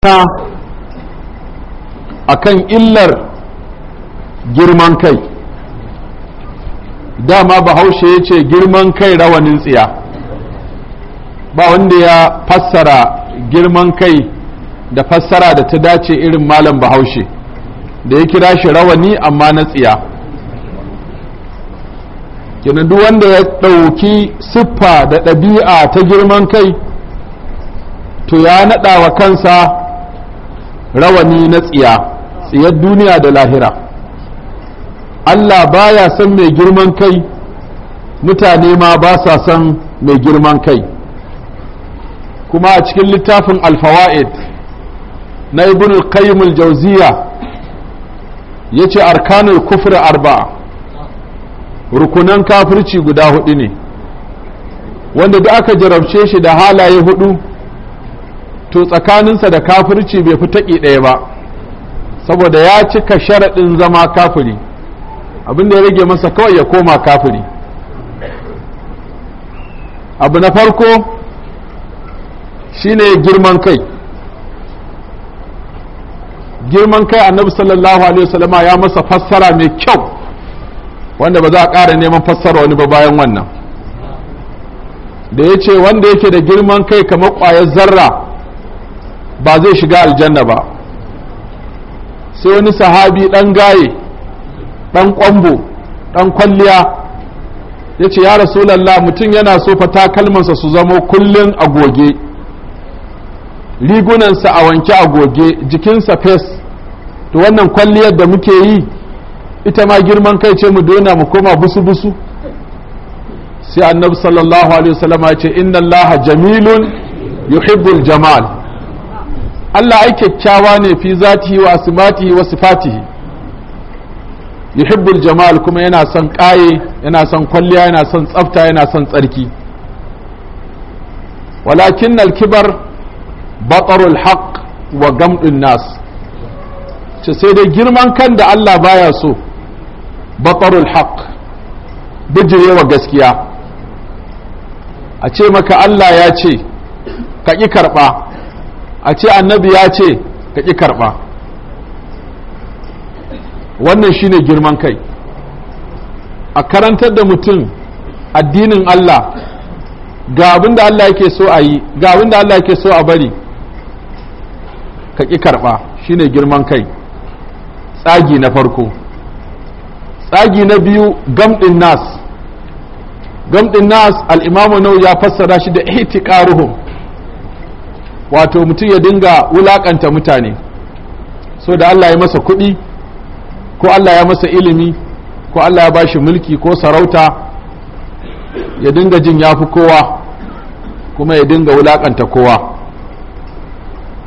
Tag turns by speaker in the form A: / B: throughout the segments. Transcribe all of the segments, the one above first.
A: akan illar girman kai dama bahaushe ya ce girman kai rawanin tsiya ba wanda ya fassara girman kai da fassara da ta dace irin malam bahaushe da ya kira shi rawani amma na tsiya kenan duk wanda ya ɗauki siffa da ɗabi'a ta girman kai to ya naɗa wa kansa rawani na tsiya tsiyar duniya da lahira Allah baya son mai girman kai mutane ma ba sa son mai girman kai kuma a cikin littafin alfawa'id na ibn al-qayyim al-jawziya yace arkanul kufri arba'a rukunan kafirci guda hudu ne wanda duk aka jarabce shi da halaye hudu to tsakaninsa da kafirci bai fi taƙi ɗaya ba saboda ya cika sharaɗin zama kafiri abin da ya rage masa kawai ya koma kafiri abu na farko shine girman kai girman kai annabi sallallahu alaihi wasallama ya masa fassara mai kyau wanda ba za a ƙara neman fassara wani ba bayan wannan da ya ce wanda yake da girman kai kamar ƙwayar zarra ba zai shiga aljanna ba sai wani sahabi dan gaye dan kwambo, dan kwalliya ya ce ya rasulallah mutum yana so fa takalmansa su zama kullum a goge rigunansa a wanke a goge jikinsa fes to wannan kwalliyar da muke yi ita ma girman kai ce mu dona mu koma busu-busu sai annabi sallallahu alaihi wasallam ya ce inna allaha jamilun yuhibbul jamal Allah ai kyakkyawa ne fi zatihi wa asmatihi wa sifatihi yuhibbul jamal kuma yana son kaye yana son kwalliya yana son tsafta yana son tsarki walakin alkibar batarul haq wa gamdun nas ce sai dai girman kan da Allah baya so batarul haq bijirewa gaskiya a ce maka Allah ya ce ka ƙi karɓa a ce annabi ya ce ka ƙi karɓa wannan shine girman kai a karantar da mutum addinin Allah ga abin da Allah yake so a yi ga abin da Allah yake so a bari ka ƙi karɓa shine girman kai tsagi na farko tsagi na biyu gamɗin nas gamɗin nas al'imamu nau ya fassara shi da ihtiqaruhum wato mutum ya dinga wulakanta mutane so da Allah ya masa kuɗi ko Allah ya masa ilimi ko Allah ya bashi mulki ko sarauta ya dinga jin ya fi kowa kuma ya dinga wulakanta kowa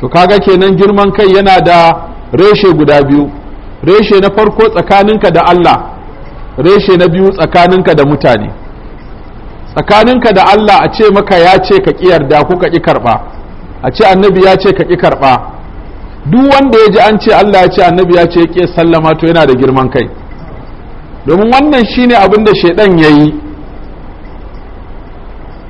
A: to kaga kenan girman kai yana da reshe guda biyu reshe na farko tsakaninka da Allah reshe na biyu tsakaninka da mutane tsakaninka da Allah a ce maka ya ce ka ƙi yarda kuka ka ƙi karɓa a ce annabi ya ce ka ƙi karɓa duk wanda ya ji an ce Allah ya ce annabi ya ce ya ƙi sallama to yana da girman kai domin wannan shine abin da shaidan ya yi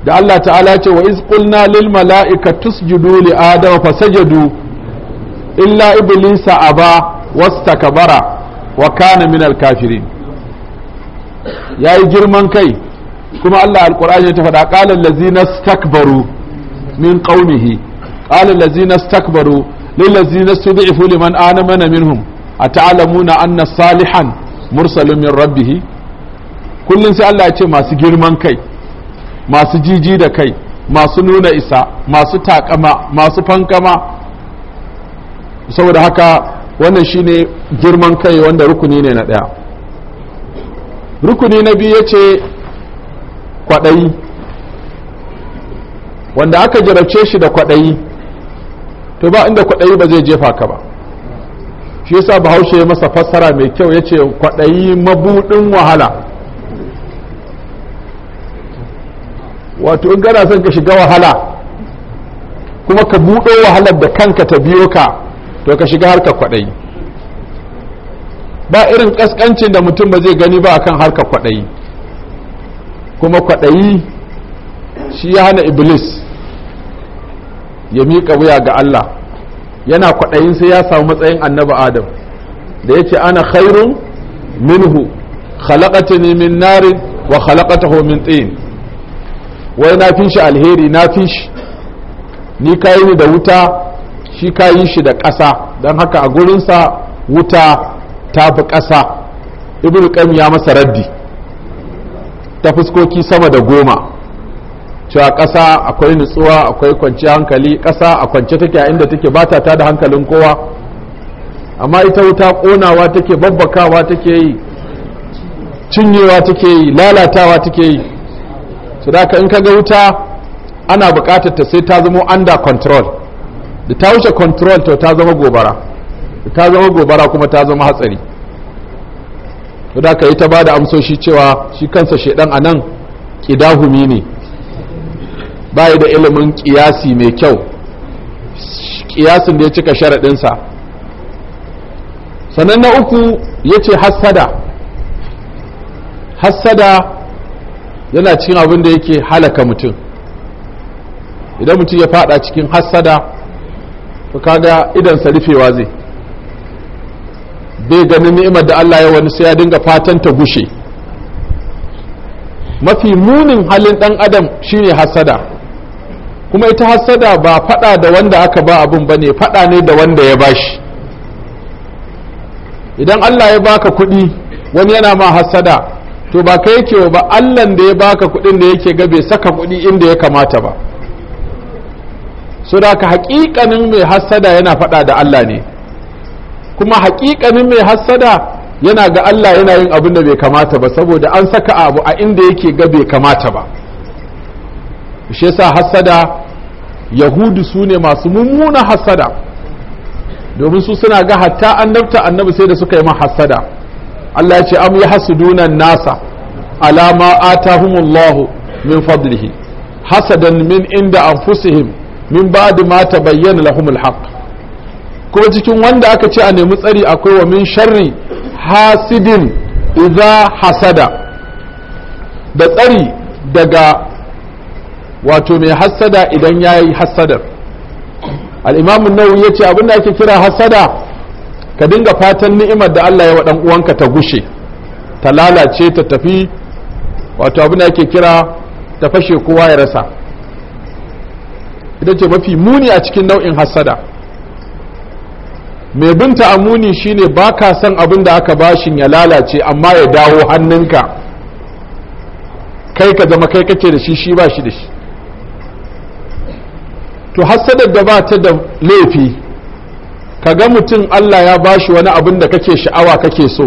A: da Allah ta'ala ce wa iz qulna lil mala'ika tusjudu li adama fasajadu illa iblisa aba wastakbara wa kana minal kafirin yayi girman kai kuma Allah alqur'ani ta faɗa qala allazina stakbaru min ƙaunihi. qala allazina istakbaru lil ladzina istud'ifu ana amana minhum ata'lamuna anna salihan mursalun min rabbih sai Allah ce masu girman kai masu jiji da kai masu nuna isa masu taƙama masu fankama saboda haka wannan shine girman kai wanda rukuni ne na ɗaya rukuni na biyu yace kwaɗayi wanda aka jarabce shi da kwaɗayi to ba inda kwaɗayi ba zai jefa ka ba shi yasa bahaushe ya masa fassara mai kyau ya ce kwaɗayi mabuɗin wahala wato in gana son ka shiga wahala kuma ka buɗo wahalar da kanka ta biyo ka to ka shiga harkar kwaɗayi ba irin ƙasƙancin da mutum ba zai gani ba akan harkar kwaɗayi kuma kwaɗayi shi ya hana iblis ya miƙa wuya ga Allah yana kwaɗayin sai ya samu matsayin annabi adam da ya ce ana khairun minhu khalaqatani min narin wa khalaqatahu min tin wai na fi shi alheri na fi shi ni kayi ni da wuta shi kayi shi da ƙasa don haka a gurinsa wuta ta fi ƙasa ibn qayyim ya masa raddi ta fuskoki sama da goma cewa ƙasa akwai nutsuwa akwai kwanci hankali ƙasa a kwance take a inda take bata ta da hankalin kowa amma ita wuta ƙonawa take babbakawa take yi cinyewa take yi lalatawa take yi su da in kaga wuta ana buƙatar ta sai ta zama under control da ta wuce control to ta zama gobara da ta zama gobara kuma ta zama hatsari to da yi ta ba da amsoshi cewa shi kansa shaidan a nan ƙidahumi ne bai da ilimin kiyasi mai kyau kiyasin da ya cika sharaɗinsa sannan na uku ya ce hassada hassada yana cikin abin da yake halaka mutum idan mutum ya fada cikin hassada to kaga idansa rufewa zai bai ganin ni'imar da Allah ya wani sai ya dinga fatan ta gushe mafi munin halin dan adam shine hassada. kuma ita hassada ba faɗa da wanda aka ba abun ba ne faɗa ne da wanda ya ba shi idan Allah ya baka kuɗi wani yana ma hassada to ba kai yake ba Allah da ya baka kuɗin da yake ga saka kuɗi inda ya kamata ba so da ka haƙiƙanin mai hassada yana faɗa da Allah ne kuma haƙiƙanin mai hassada yana ga Allah yana yin abin da bai kamata ba saboda an saka abu a inda yake ga bai kamata ba shi yasa hassada yahudu su ne masu mummuna hasada domin su suna ga hatta annabta annabi sai da suka yi ma hasada Allah ya ce am yahsudunan nasa alama atahumullahu min fadlihi hasadan min inda anfusihim min ba'di ma tabayyana lahumul haqq kuma cikin wanda aka ce a nemi tsari akwai wa min sharri hasidin idza hasada da tsari daga wato mai hassada idan ya yi hassadar al'imamun nau'i ya ce abin ake kira hassada ka dinga fatan ni'imar da Allah ya wa uwanka ta gushe ta lalace ta tafi wato abin ake kira ta fashe kowa ya rasa ita ce mafi muni a cikin nau'in hassada mai binta a muni shine ba ka son abin da aka bashin ya lalace amma ya dawo hannunka kai ka zama kai kake da shi shi ba shi da shi to hassada da ba ta da laifi ka ga mutum Allah ya bashi wani abin da kake sha'awa kake so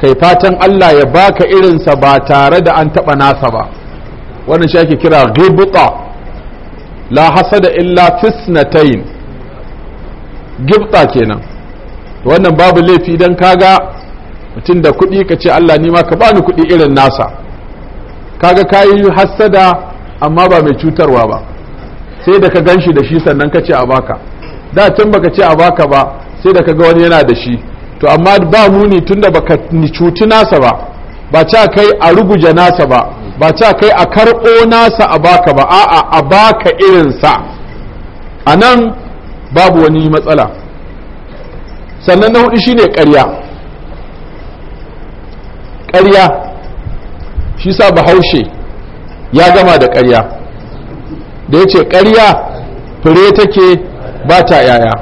A: kai fatan Allah ya baka irinsa ba tare da an taɓa nasa ba wannan shi ake kira gibta la hasada illa fisnatain gibta kenan wannan babu laifi idan kaga mutum da kuɗi kace Allah ni ma ka bani kuɗi irin nasa kaga kayi hassada amma ba mai cutarwa ba sai da ka gan shi da shi sannan ka ce a baka da tun baka ce a baka ba sai da ka ga wani yana da shi to amma ba muni tun da baka cutu nasa ba ba ca kai a ruguje nasa ba ba ca kai a karɓo nasa a baka ba a'a a baka irinsa a nan babu wani matsala sannan na hudu shine karya. Karya shi sa bahaushe ya gama da karya. da ya ce ƙarya fure take ba ta yaya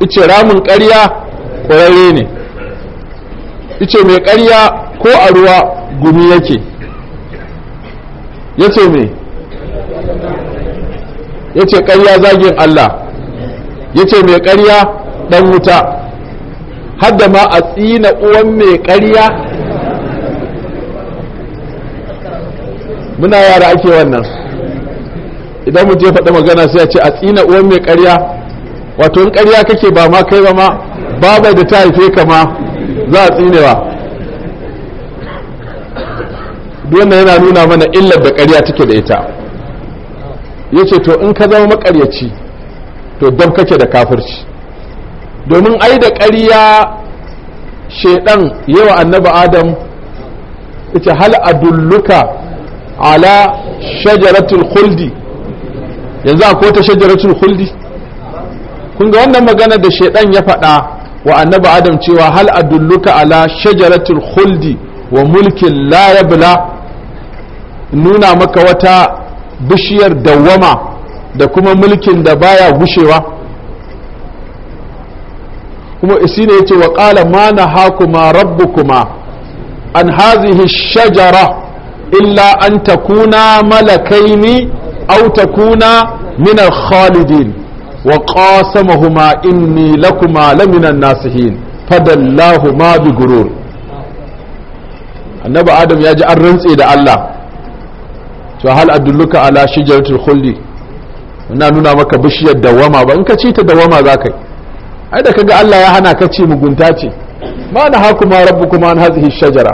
A: ice ramin ƙarya ƙwararre ne ice mai ƙarya ko a ruwa gumi yake yace me yace ƙarya zagin Allah yace mai ƙarya ɗan wuta hadda ma a tsina uwan mai ƙarya muna yara ake wannan idan mutum je faɗa magana sai ya ce a tsina uwan mai ƙarya wato in ƙarya kake ba ma kai ba ma babai da ta haife ka ma za a tsinewa wannan yana nuna mana illar da ƙarya take da ita ya ce to in ka zama maƙaryaci to dab kake da kafirci domin ai da ƙarya shaidan yawa annabi adam ita hal adulluka ala shajaratul khuldi yanzu akwai ta shajaratul khuldi kun ga wannan magana da shaidan ya faɗa wa annabi adam cewa hal adulluka ala shajaratul khuldi wa mulkin la yabla nuna maka wata bishiyar dawwama da kuma mulkin da baya gushewa kuma isi ne yace wa qala ma nahakuma rabbukuma an hazihi shajara illa an takuna malakaini aw takuna min al-khalidin wa qasamahuma inni lakuma laminan nasihin fadallahuma bi gurur annabi adam ya ji an rantse da Allah to hal adulluka ala shijaratul khuldi ina nuna maka bishiyar dawama ba in ka ci ta dawama za ka yi ai da kaga Allah ya hana ka ci mugunta ce ma na hakuma rabbukuma an hazihi shajara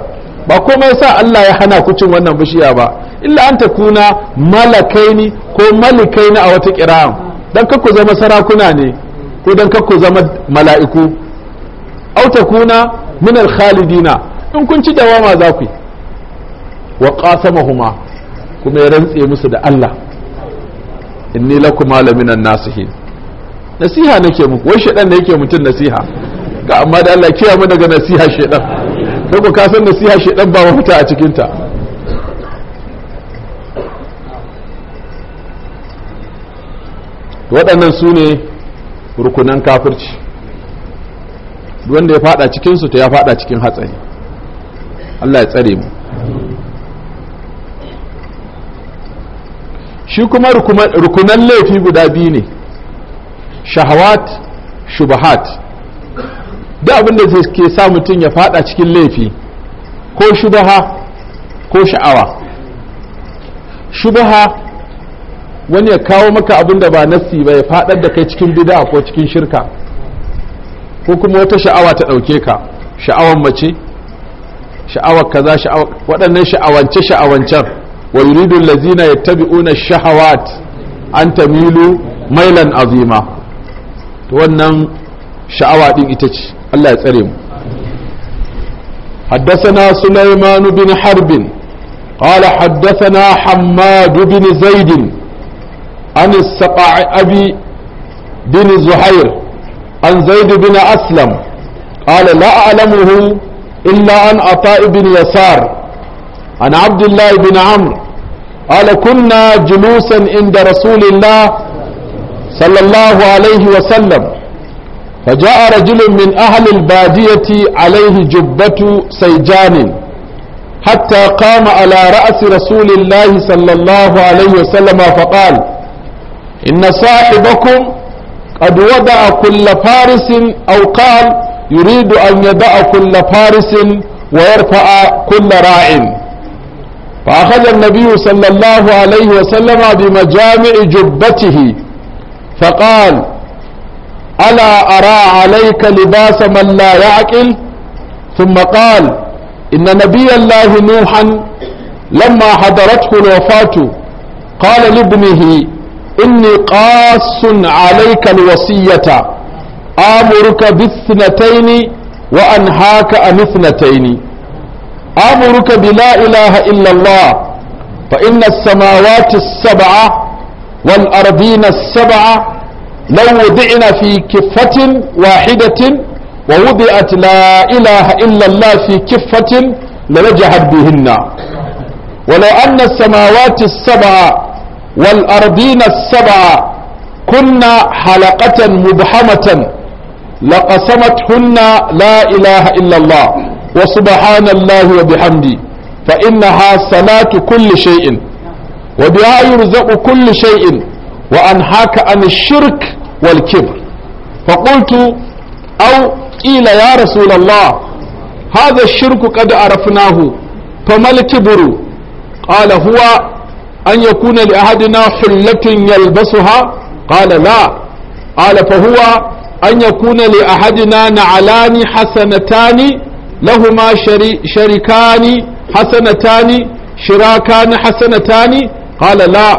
A: ba komai sa Allah ya hana ku cin wannan bishiya ba illa an ta kuna malakaini ko malikaini a wata kira'an dan kakku zama sarakuna ne ko dan kakku zama mala'iku au ta kuna min al-khalidina in kun ci dawama za ku yi wa qasamahuma kuma ya rantse musu da Allah inni lakum malaminan nasihin nasiha nake muku wai shedan ne yake mutun nasiha ga amma da Allah kiyaye mu daga nasiha shedan ko ku ka san nasiha shedan ba mafita a cikin ta to waɗannan su ne rukunan kafirci wanda ya fada cikinsu ta ya fada cikin hatsari Allah ya tsare mu shi kuma rukunan laifi guda biyu ne shahawat shubahat da abinda ke sa mutum ya fada cikin laifi ko shubaha ko sha'awa shubaha wani ya kawo maka abin da ba nassi ba ya faɗar da kai cikin bid'a ko cikin shirka ko kuma wata sha'awa ta ɗauke ka Sha'awan mace sha'awar kaza sha'awar waɗannan sha'awance sha'awancen wa yuridu allazina yattabi'una shahawat an tamilu mailan azima to wannan sha'awa din ita ce Allah ya tsare mu حدثنا سليمان بن حرب قال حدثنا حماد بن zaidin. عن السقع أبي بن زهير عن زيد بن أسلم قال لا أعلمه إلا عن عطاء بن يسار عن عبد الله بن عمرو قال كنا جلوسا عند رسول الله صلى الله عليه وسلم فجاء رجل من أهل البادية عليه جبة سيجان حتى قام على رأس رسول الله صلى الله عليه وسلم فقال إن صاحبكم قد وضع كل فارس أو قال يريد أن يضع كل فارس ويرفع كل راع فأخذ النبي صلى الله عليه وسلم بمجامع جبته فقال ألا أرى عليك لباس من لا يعقل ثم قال إن نبي الله نوحا لما حضرته الوفاة قال لابنه إني قاس عليك الوصية آمرك باثنتين وأنهاك عن اثنتين آمرك بلا إله إلا الله فإن السماوات السبعة والأرضين السبعة لو وضعن في كفة واحدة ووضعت لا إله إلا الله في كفة لنجحت بهن ولو أن السماوات السبع والأرضين السبع كنا حلقة مبحمة لقسمتهن لا إله إلا الله وسبحان الله وبحمده فإنها صلاة كل شيء وبها يرزق كل شيء وأنهاك عن الشرك والكبر فقلت أو قيل يا رسول الله هذا الشرك قد عرفناه فما الكبر قال هو أن يكون لأحدنا حلة يلبسها قال لا قال فهو أن يكون لأحدنا نعلان حسنتان لهما شري شركان حسنتان شراكان حسنتان قال لا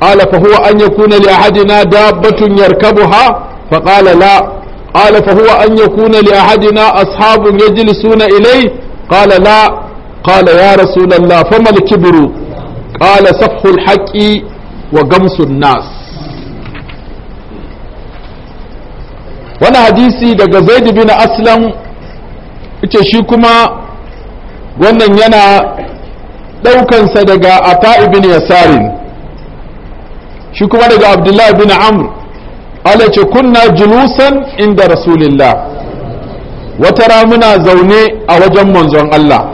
A: قال فهو أن يكون لأحدنا دابة يركبها فقال لا قال فهو أن يكون لأحدنا أصحاب يجلسون إليه قال لا قال يا رسول الله فما الكبر qala safhul haqqi wa gamsun nas wani hadisi daga zaid bin aslam ita shi kuma wannan yana ɗaukansa daga ata ibn yasarin shi kuma daga abdullahi bin amr ala ce kunna julusan inda rasulillah wata muna zaune a wajen manzon Allah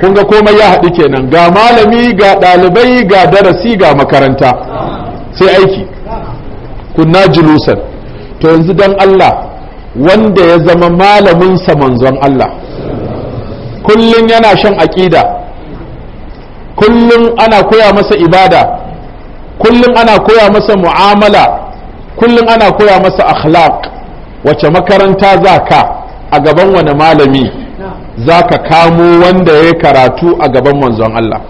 A: kun ga komai ya haɗu kenan ga malami ga ɗalibai ga darasi ga makaranta sai aiki kunna julusan to yanzu don Allah wanda ya zama malaminsa manzon Allah kullum yana shan aƙida kullum ana koya masa ibada kullum ana koya masa mu'amala kullum ana koya masa akhlaq wace makaranta za ka a gaban wani malami za ka kamo wanda ya karatu a gaban manzon Allah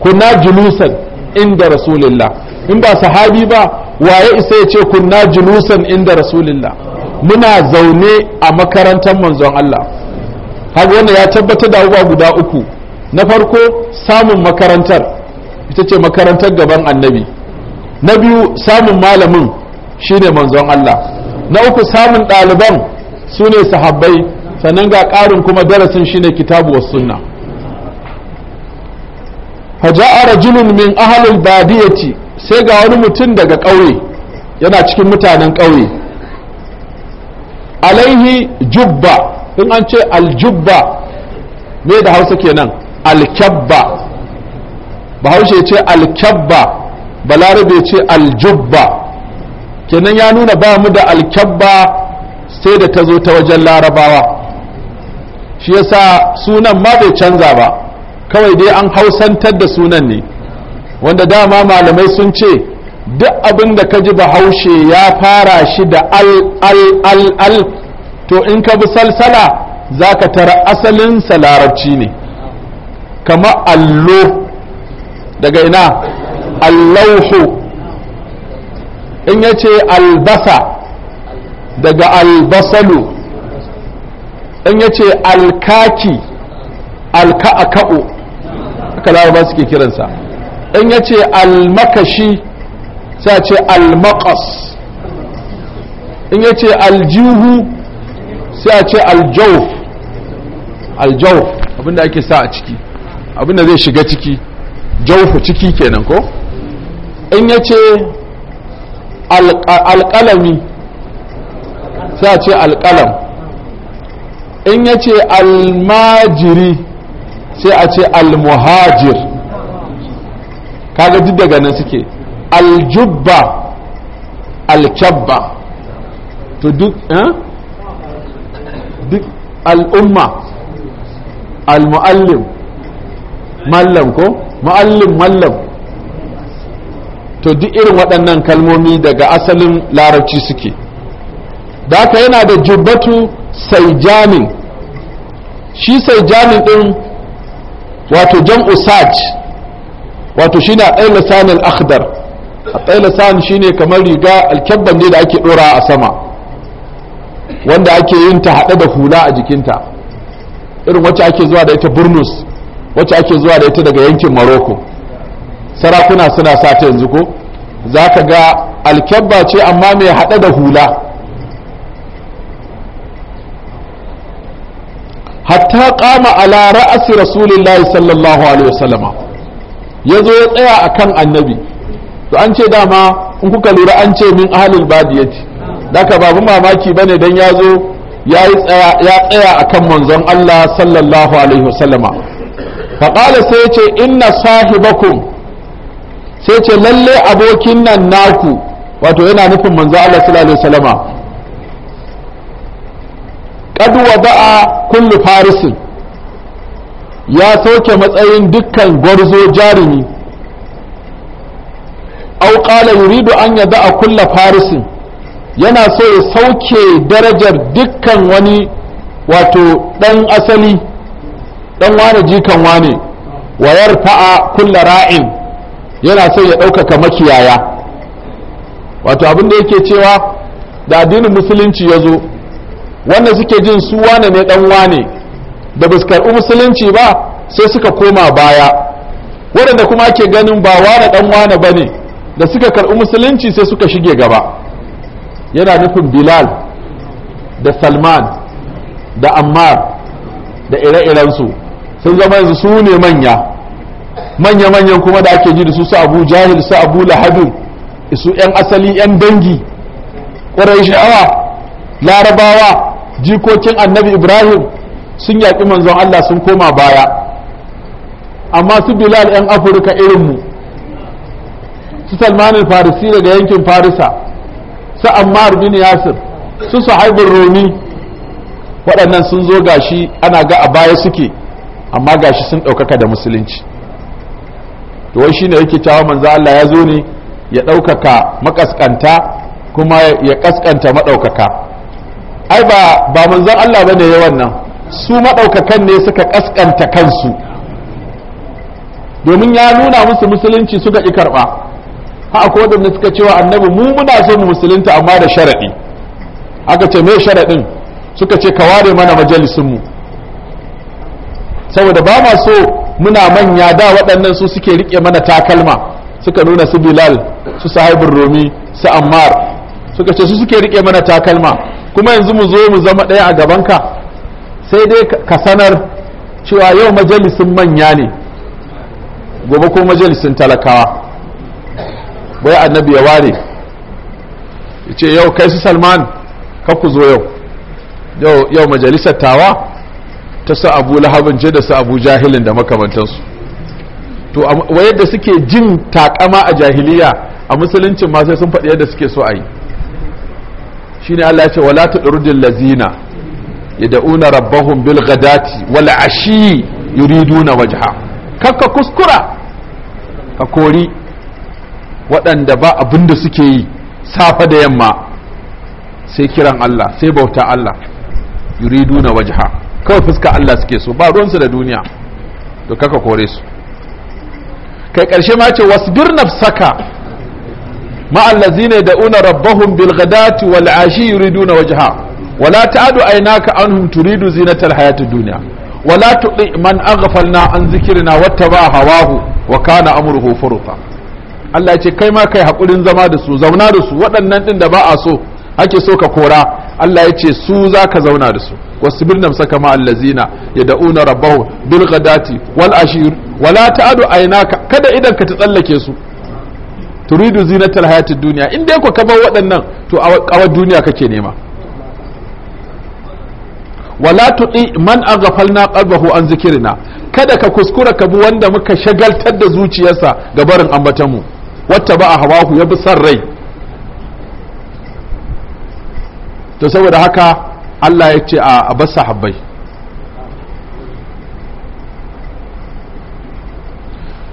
A: kunna julusan inda rasulillah in ba sahabi ba waye isa ya ce kunna julusan inda rasulillah muna zaune a makarantar manzon Allah haka wanda ya tabbatar da abubuwa guda uku na farko samun makarantar ita ce makarantar gaban annabi na biyu samun malamin shine manzon Allah na uku samun ɗaliban su ne sahabbai sannan ga ƙarin kuma darasin shine kitabu was sunna a rajulun min ahalin badiyati sai ga wani mutum daga ƙauye yana cikin mutanen ƙauye alaihi jubba in an ce aljubba me da hausa kenan alkyabba bahaushe ce alkyabba balarabe ce aljubba kenan ya nuna ba mu da alkyabba sai da ta zo ta wajen larabawa shi yasa sunan ma bai canza ba kawai dai an hausantar da sunan ne wanda dama malamai sun ce duk abin da ka ji bahaushe ya fara shi da al al al al to in ka bi salsala za ka tara asalinsa larabci ne kama allo daga ina allauhu in ya ce albasa daga albasalu in ya ce alkaki alka'aka'o haka laraba suke kiransa in ya ce almakashi sai ce almakas in ya ce aljihu sai a ce aljauf aljauf abinda ake sa a ciki abinda zai shiga ciki jaufu ciki kenan ko in ya ce alƙalami sai a ce alƙalam in ya ce almajiri sai a ce almuhajir kaga duk daga nan suke aljubba alkyabba to duk eh? duk al'umma almuallim mallam ko muallim mallam to duk irin waɗannan kalmomi daga asalin larabci suke da haka yana da jubbatu saijamin shi sai jami'in ɗin, wato jam'u saj wato shine a ɗaya lisan akhdar a shine kamar riga alkyabban ne da ake ɗora a sama wanda ake yin ta haɗe da hula a jikinta irin wacce ake zuwa da ita burnus wacce ake zuwa da ita daga yankin maroko sarakuna suna sata yanzu ko za ka ga alkyabba ce amma mai haɗe da hula hatta kama ala ra'asi rasulillahi sallallahu alaihi wasallama ya zo ya tsaya akan annabi to an ce dama in kuka lura an ce min ahalul badiyati daga babu mamaki bane dan ya zo ya tsaya akan manzon Allah sallallahu alaihi wasallama qala sai ce inna sahibakum sai ce lalle abokin nan naku wato yana nufin manzo Allah sallallahu alaihi wasallama qad wada'a kullu farisin ya soke matsayin dukkan gwarzo jarumi aw qala yuridu an yada'a kullu farisin yana so ya sauke darajar dukkan wani wato dan asali dan wane jikan wane wayar fa'a kulla ra'in yana so ya ɗaukaka makiyaya wato abin da yake cewa da addinin musulunci ya zo wanda suke jin su wane ne dan wane da ba su karɓi musulunci ba sai suka koma baya waɗanda kuma ake ganin ba wane dan wane ba ne da suka karɓi musulunci sai suka shige gaba yana nufin bilal da salman da ammar da ire-irensu sun zama yanzu su ne manya manya-manyan kuma da ake ji da su su abu jahil su abu lahadu su 'yan asali 'yan dangi ƙwarai sha'awa larabawa jikokin annabi ibrahim sun yaƙi manzon allah sun koma baya amma su bilal 'yan afirka irinmu su salmanin farisi daga yankin farisa su ammar bin yasir su sahaibin romi waɗannan sun zo gashi ana ga a baya suke amma gashi sun ɗaukaka da musulunci to wai shine yake cewa manzo Allah ya zo ne ya ɗaukaka makaskanta kuma ya kaskanta maɗaukaka ai ba ba manzon Allah bane ya wannan su madaukakan ne suka kaskanta kansu domin ya nuna musu musulunci suka ki karba ha akwai wadanda suka cewa annabi mu muna so mu musulunta amma da sharadi aka ce me sharadin suka ce ka ware mana majalisin mu saboda ba ma so muna manya da waɗannan su suke rike mana takalma suka nuna su bilal su sahibin romi su ammar suka ce su suke rike mana takalma kuma yanzu mu zo mu zama ɗaya a gabanka sai dai ka sanar cewa yau majalisin manya ne gobe ko majalisin talakawa bai annabi ya ware ya ce yau kai su salman ka ku zo yau yau majalisar tawa ta sa abu lahabin je da sa abu jahilin da makamantansu to wa yadda suke jin takama a jahiliya a musuluncin ma sai sun faɗi yadda suke so a yi shine Allah ya ce wala tudrudil lazina yad'una rabbahum bil ghadati wal ashi yuriduna wajha kakka kuskura ka kori waɗanda ba abin da suke yi safa da yamma sai kiran Allah sai bauta Allah yuriduna wajha kawai fuska Allah suke so ba ruwansu da duniya to kaka kore su kai ƙarshe ma ce wasu wasbir saka. ma'allazi ne da una rabbahum bil ghadati wal ashi yuriduna wajha wala ta'adu aynaka anhum turidu zinatal hayati dunya wala tuti man aghfalna an zikrina wattaba hawahu wa kana amruhu furuta Allah ya ce kai ma kai hakurin zama da su zauna da su waɗannan din da ba so ake so ka kora Allah ya ce su zaka zauna da su wasu birnin saka ma'allazina ya da'una rabbahu bil ghadati wal ashir wala ta'adu aynaka kada idan ka ta tsallake su turidu zinatar hayatid duniya in dai ku kamar waɗannan to a duniya kake nema wala tuɗi man aghfalna qalbahu an zikirina kada ka kuskura ka bi wanda muka shagaltar da zuciyarsa ga barin ambatanmu. wata ba a hawahu ya bi san rai to saboda haka Allah ya ce a bar sahabbai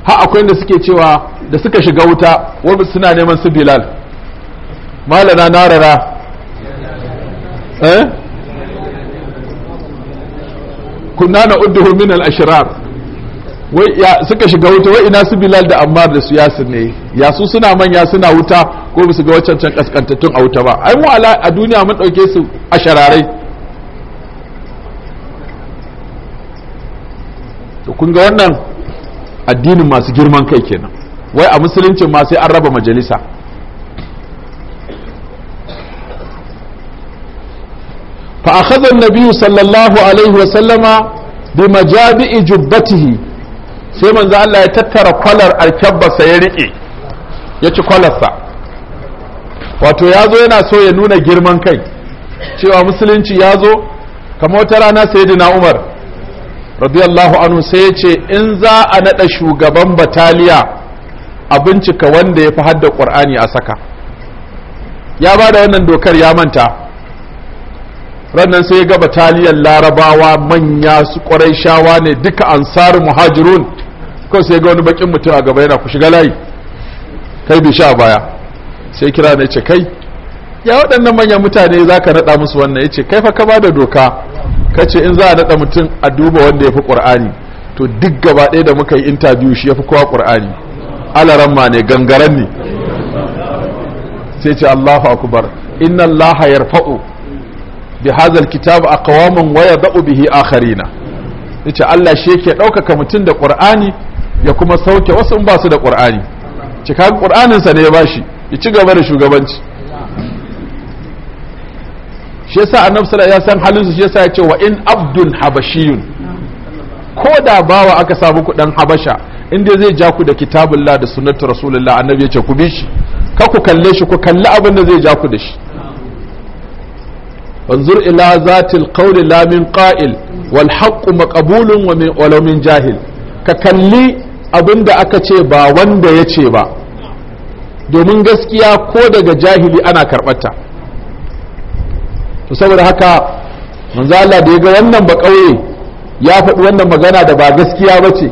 A: ha akwai da suke cewa da suka shiga wuta wani suna neman su bilal malana narara eh kunna na udduhu min al ashrar wai ya suka shiga wuta wai ina su bilal da ammar da su yasir ne ya su suna manya suna wuta ko su ga waccan can kaskantattun a wuta ba ai mu a duniya mun dauke su asharare to kun ga wannan addinin masu girman kai kenan wai a musuluncin ma sai an raba majalisa fa akhadha an-nabiy sallallahu alaihi wa sallama bi majabi'i jubbatihi sai manzo Allah ya tattara kwalar alkabba ya rike ya ci kwalarsa wato ya zo yana so ya nuna girman kai cewa musulunci ya zo kamar wata rana sayyidina Umar radiyallahu anhu sai ya ce in za a naɗa shugaban bataliya a bincika wanda ya fi hadda qur'ani a saka ya ba da wannan dokar ya manta rannan sai ya ga bataliyar larabawa manya su ƙwarai shawa ne duka ansarin muhajirun ko sai ga wani bakin mutum a gaba yana ku shiga layi kai bai sha baya sai kira ne ce kai ya waɗannan manyan mutane za ka naɗa musu wannan ya ce kai fa ka bada doka kace in za a naɗa mutum a duba wanda ya fi ƙur'ani to duk gaba ɗaya da muka yi intabiyu shi ya fi kowa ƙur'ani alaramma ne gangaran ne sai ce allahu akubar inna allaha yarfa'u bi hazal kitab aqwaman wa yad'u bihi akharina yace Allah shi yake ɗaukaka mutum da ƙur'ani ya kuma sauke wasu in ba su da ƙur'ani cika ƙur'aninsa ne ya bashi ya ci gaba da shugabanci shi yasa annabi sallallahu alaihi wasallam halin su shi yasa ya ce wa in abdun habashiyun ko da bawa aka samu ku dan habasha inda zai ja ku da kitabullah da sunnatu rasulullah annabi ya ce ku bi shi ka ku kalle shi ku kalli abin da zai ja ku da shi wanzur ila zatil qawli la min qa'il wal haqqu maqbulun wa min min jahil ka kalli abin da aka ce ba wanda ya ce ba domin gaskiya ko daga jahili ana karɓarta to saboda haka manzo Allah da yaga wannan ba kauye ya faɗi wannan magana da ba gaskiya ba ce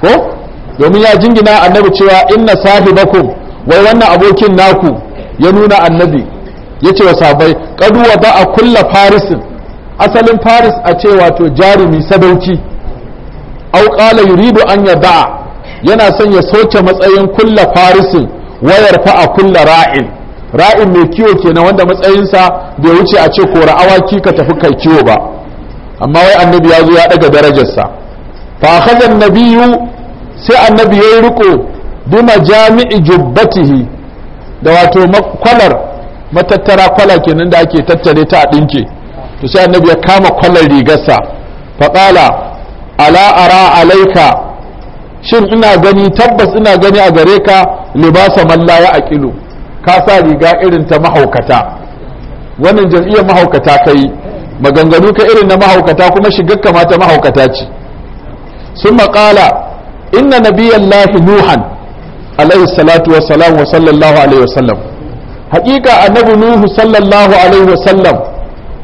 A: ko domin ya jingina annabi cewa inna sahibakum wai wannan abokin naku ya nuna annabi ya ce wa sabai kaduwa ba a kulla farisin asalin faris a ce wato jarumi sadauki au qala yuridu an yada yana son ya soke matsayin kulla farisin wayar fa a kulla ra'in ra'in mai kiwo kenan wanda matsayinsa bai wuce a ce kora awaki ka tafi kai kiwo ba amma wai annabi ya zo ya daga darajarsa fa akhadha an sai annabi yayi riko bima jami'i jubbatihi da wato kwalar matattara kwala kenan da ake tattare ta a dinke to sai annabi ya kama kwalar rigarsa fa qala ala ara alaika shin ina gani tabbas ina gani a gare ka libasa man la ya aqilu ka sa riga irin ta mahaukata wannan jam'iyyar mahaukata ka yi maganganu ka irin na mahaukata kuma shigar kamata mahaukata ce sun maƙala inna nabiyan lahi nuhan alaihi salatu wa salam wa sallallahu alaihi wa sallam haƙiƙa annabi nuhu sallallahu alaihi wa sallam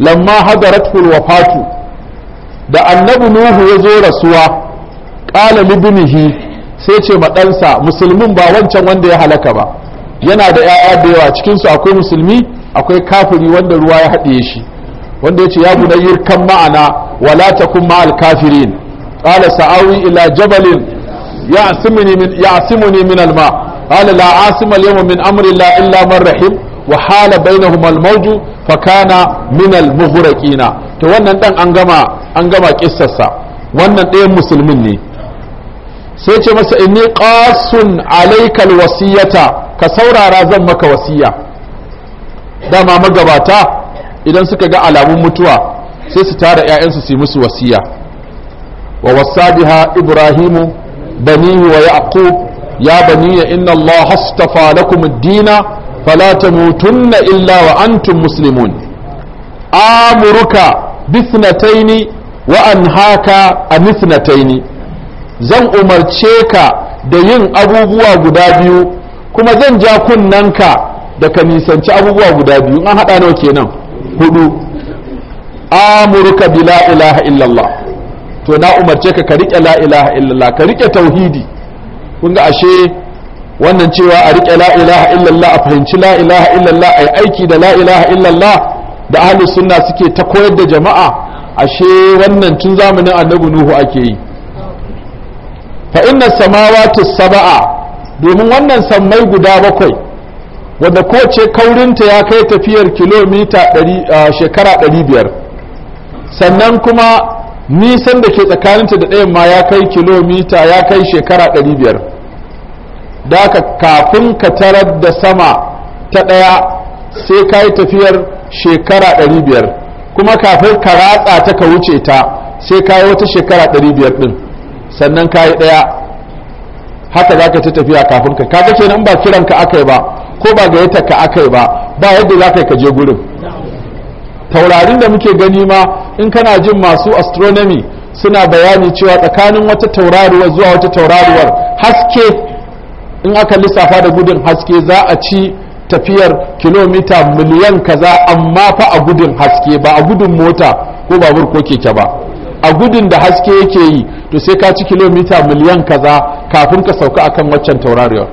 A: lamma hadarat wafatu da annabi nuhu ya zo rasuwa ƙala libinihi sai ce ma ɗansa musulmin ba wancan wanda ya halaka ba yana da 'ya'ya da yawa cikinsu akwai musulmi akwai kafiri wanda ruwa ya haɗiye shi wanda ya ce ya bunayyir yirkan ma'ana wala ta kuma alkafirin. qala sa'awi ila jabalin ya min min al-ma qala la asima al-yawma min amri la illa man rahim wa hala bainahuma al-mawju fa kana min al to wannan dan an gama an gama kissarsa wannan ɗayan musulmin ne sai ce masa inni qasun alaykal wasiyata ka saurara zan maka wasiya dama magabata idan suka ga alamun mutuwa sai su tara 'ya'yansu su yi musu wasiya wa wasabiha biha ibrahimu banihi wa yaqub ya baniya inna allaha astafa lakum dina fala tamutunna illa wa antum muslimun amuruka bisnataini wa anhaka an ithnataini zan umarce ka da yin abubuwa guda biyu kuma zan ja kunnanka da ka nisanci abubuwa guda biyu an haɗa nawa kenan hudu amurka bi la ilaha illallah to na umarce ka ka riƙe la ilaha illallah ka riƙe tauhidi kun ga ashe wannan cewa a riƙe la ilaha illallah a fahimci la ilaha illallah a aiki da la ilaha illallah da ahli sunna suke ta koyar da jama'a ashe wannan tun zamanin annabi nuhu ake yi fa inna samawati sab'a domin wannan sammai guda bakwai wadda kowace kaurinta ya kai tafiyar kilomita shekara 500 sannan kuma nisan da ke tsakaninta da ɗayan ma ya kai kilomita ya kai shekara 500 da aka kafin ka tarar da sama ta ɗaya sai ka yi tafiyar shekara 500 kuma kafin ka ratsa ta ka wuce ta sai ka yi wata shekara 500 ɗin sannan ka yi ɗaya haka za ka ta tafiya kafin ka kaga kenan ba kiran ka akai ba ko ba gayyata ka akai ba ba yadda za ka je gurin taurarin da muke gani ma in kana jin masu astronomy suna bayani cewa tsakanin wata tauraruwar zuwa wata tauraruwar haske in aka lissafa da gudun haske za a ci tafiyar kilomita miliyan kaza amma fa a gudun haske ba a gudun mota ko babur ko keke ba a gudun da haske yake yi to sai ka ci kilomita miliyan kaza kafin ka sauka akan waccan taurariyar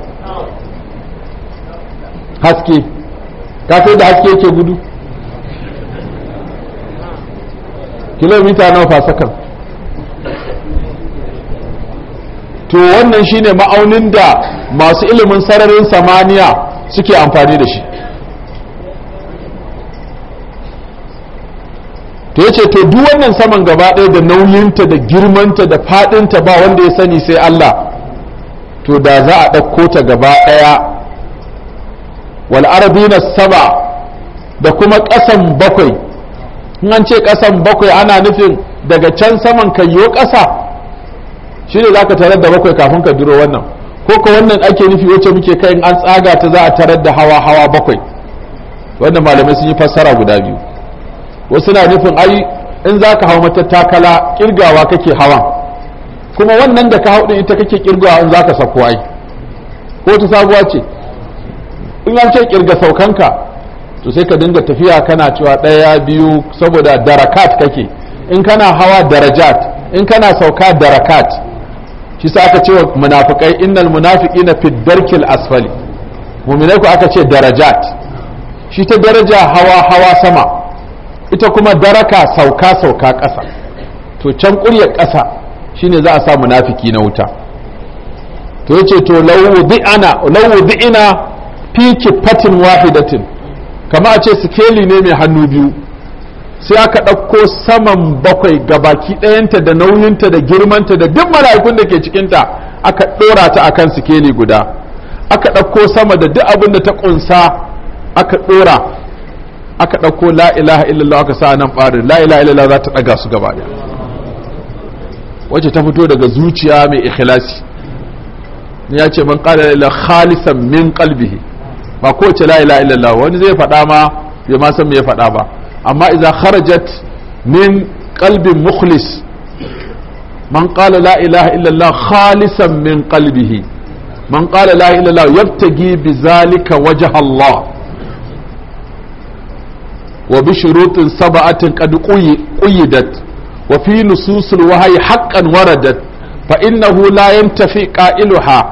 A: haske ka sai da haske yake gudu kilomita nawa fasakan to wannan shine ma'aunin da masu ilimin sararin samaniya suke amfani da shi to yace to duk wannan saman gaba ɗaya da nauyinta da girmanta da faɗinta ba wanda ya sani sai Allah to da za a ɗauko ta gaba ɗaya wal arabina saba da kuma ƙasan bakwai in an ce ƙasan bakwai ana nufin daga can saman kayyo ƙasa shi ne za ka tarar da bakwai kafin ka duro wannan ko ka wannan ake nufi wacce muke kai in an tsaga ta za a tarar da hawa hawa bakwai wannan malamai sun yi fassara guda biyu wasu na nufin ai in za ka hau matattakala kirgawa kake hawa kuma wannan da ka hau ɗin ita kake kirgawa in za ka sauko ai ko ta sabuwa ce in an ce kirga saukanka to sai ka dinga tafiya kana cewa ɗaya biyu saboda darakat kake in kana hawa darajat in kana sauka darakat shi sa aka ce wa munafikai innal munafiqina fi darkil asfali mu'minai ku aka ce darajat shi ta daraja hawa hawa sama ita kuma daraka sauka sauka ƙasa to can ƙuryar ƙasa shine za a sa munafiki na wuta to ya ce to lawudi'ina fiki fatin wahidatin kama a ce sikeli ne mai hannu biyu sai aka ɗauko saman bakwai gabaki ɗayanta da nauyinta da girmanta da duk mala'ikun da ke cikinta aka ɗora ta a kan sikeli guda aka ɗauko sama da duk abin da ta ƙunsa aka ɗora aka ɗauko la ilaha illallah aka sa nan ɓarin la ilaha illallah za ta ɗaga su gaba ɗaya wacce ta fito daga zuciya mai ikhlasi ya ce man qala ilaha khalisan min qalbihi ba kowace la ilaha illallah wani zai faɗa ma bai ma san me ya faɗa ba amma idza kharajat min qalbin mukhlis man qala la ilaha illallah khalisan min qalbihi man qala la ilaha illallah yabtagi bi zalika wajha Allah wa bi shurutin sab'atin qad quyidat wa fi nususil wahyi haqqan waradat fa innahu la yantafi qailuha